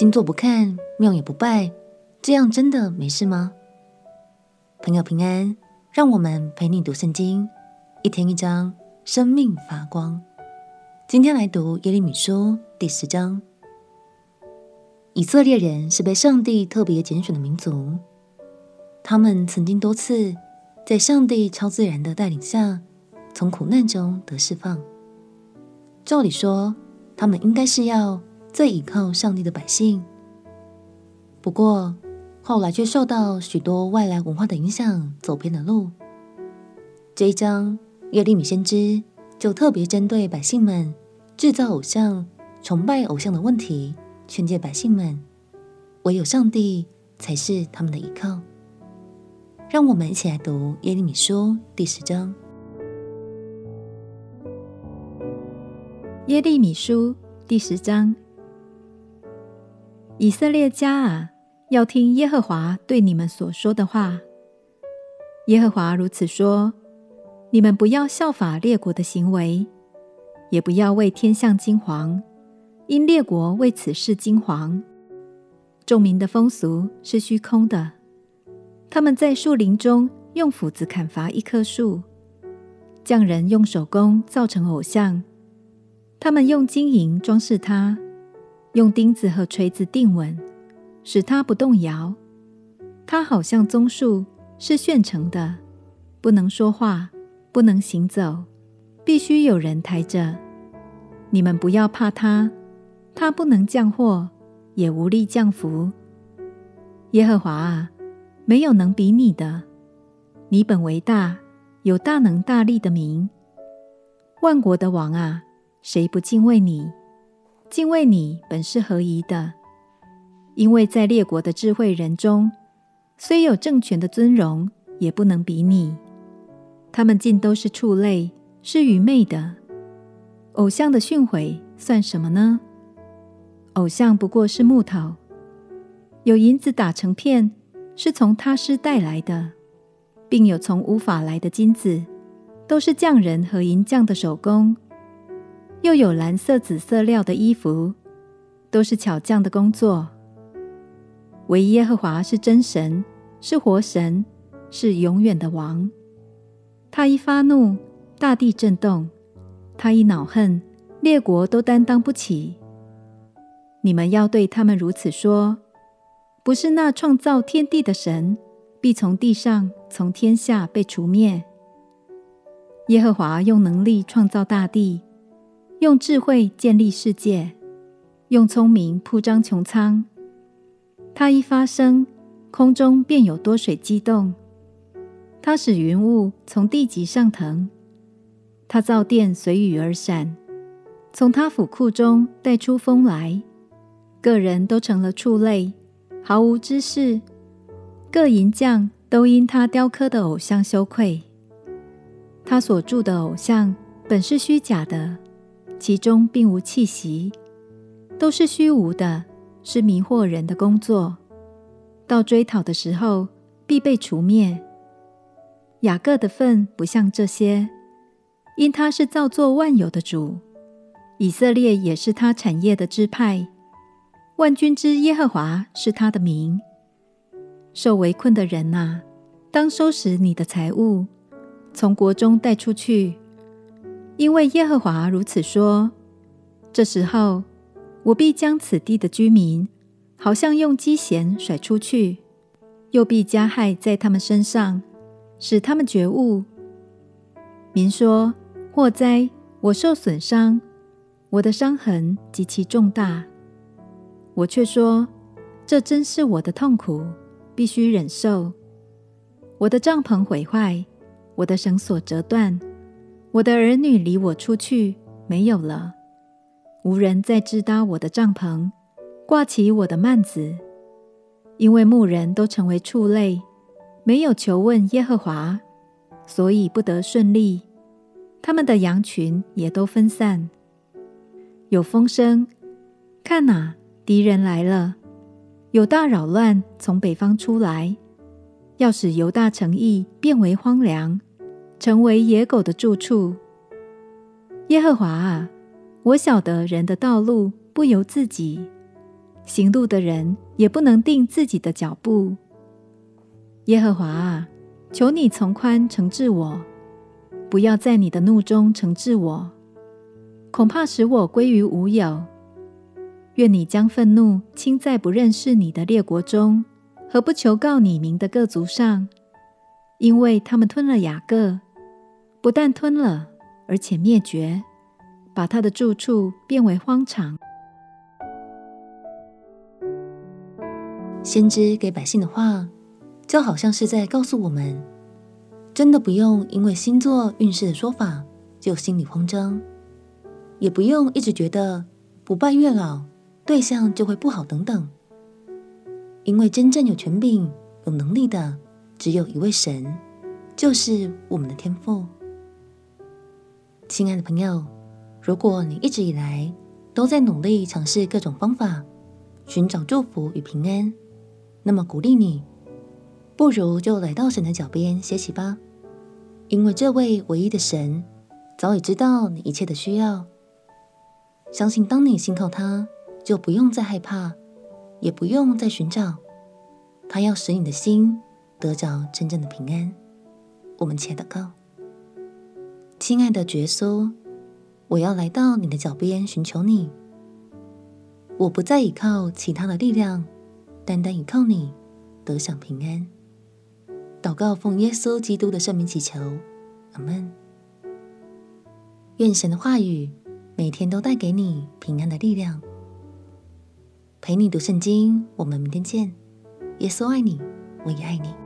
星座不看，廟也不拜，這樣真的沒事嗎？朋友平安，讓我們陪你讀聖經，一天一章，生命發光。今天來讀耶利米書第十章。以色列人是被上帝特別揀選的民族，他們曾經多次在上帝超自然的帶領下，從苦難中得釋放。照理說，他們應該是要最倚靠上帝的百姓，不過後來卻受到許多外來文化的影響，走偏了路。這一章耶利米先知就特別針對百姓們製造偶像、崇拜偶像的問題，勸誡百姓們：唯有上帝才是他們的依靠。讓我們一起來讀耶利米書第十章。耶利米書第十章。以色列家啊，要聽耶和華對你們所說的話。耶和華如此說：你們不要效法列國的行為，也不要為天象驚惶，因列國為此事驚惶。眾民的風俗是虛空的。他們在樹林中用斧子砍伐一棵樹，匠人用手工造成偶像，他們用金銀裝飾它。用釘子和錘子釘穩，使它不動搖。它好像棕樹，是鏇成的，不能說話，不能行走，必須有人抬着。你們不要怕它，它不能降禍，也無力降福。耶和華啊，沒有能比你的，你本為大，有大能大力的名。萬國的王啊，誰不敬畏你？敬畏你本是合宜的，因為在列國的智慧人中，雖有政權的尊榮，也不能比你。他們盡都是畜類，是愚昧的。偶像的訓誨算什麼呢？偶像不過是木頭，有銀子打成片，是從他施帶來的，並有從烏法來的金子，都是匠人和銀匠的手工。又有藍色、紫色料的衣服，都是巧匠的工作。唯耶和華是真神，是活神，是永遠的王。他一發怒，大地震動；他一惱恨，列國都擔當不起。你們要對他們如此說：不是那創造天地的神，必從地上、從天下被除滅。耶和華用能力創造大地。用智慧建立世界，用聰明鋪張穹蒼。他一發聲，空中便有多水激動；他使雲霧從地極上騰；他造電隨雨而閃；從他府庫中帶出風來。個人都成了畜類，毫無知識；各銀匠都因他雕刻的偶像羞愧。他所鑄的偶像本是虛假的。其中並無氣息，都是虛無的，是迷惑人的工作。到追討的時候，必被除滅。雅各的份不像這些，因他是造作萬有的主，以色列也是他產業的支派。萬軍之耶和華是他的名。受圍困的人吶、啊，當收拾你的財物，從國中帶出去。因為耶和華如此說，這時候我必將此地的居民，好像用機弦甩出去，又必加害在他們身上，使他們覺悟。民說禍哉，我受損傷，我的傷痕極其重大。我卻說這真是我的痛苦，必須忍受。我的帳棚毀壞，我的繩索折斷。我的兒女離我出去，沒有了，無人再支搭我的帳篷，掛起我的幔子，因為牧人都成為畜類，沒有求問耶和華，所以不得順利。他們的羊群也都分散。有風聲，看哪、啊，敵人來了，有大擾亂從北方出來，要使猶大城邑變為荒涼，成為野狗的住處。耶和華啊，我曉得人的道路不由自己，行路的人也不能定自己的腳步。耶和華啊，求你從寬懲治我，不要在你的怒中懲治我，恐怕使我歸於無有。願你將憤怒傾在不認識你的列國中，和不求告你名的各族上，因為他們吞了雅各。不但吞了，而且滅絕，把他的住處變為荒場。先知給百姓的話，就好像是在告訴我們：真的不用因為星座運勢的說法就心裡慌張，也不用一直覺得不拜月老對象就會不好等等。因為真正有權柄、有能力的，只有一位神，就是我們的天父。親愛的朋友，如果你一直以來都在努力嘗試各種方法尋找祝福與平安，那麼鼓勵你，不如就來到神的腳邊歇息吧。因為這位唯一的神早已知道你一切的需要，相信當你信靠他，就不用再害怕，也不用再尋找。他要使你的心得着真正的平安。我們且禱告。親愛的耶穌，我要來到你的腳邊尋求你，我不再依靠其他的力量，單單依靠你，得享平安。禱告奉耶穌基督的聖名祈求，阿門。願神的話語每天都帶給你平安的力量，陪你讀聖經。我們明天見。耶穌愛你，我也愛你。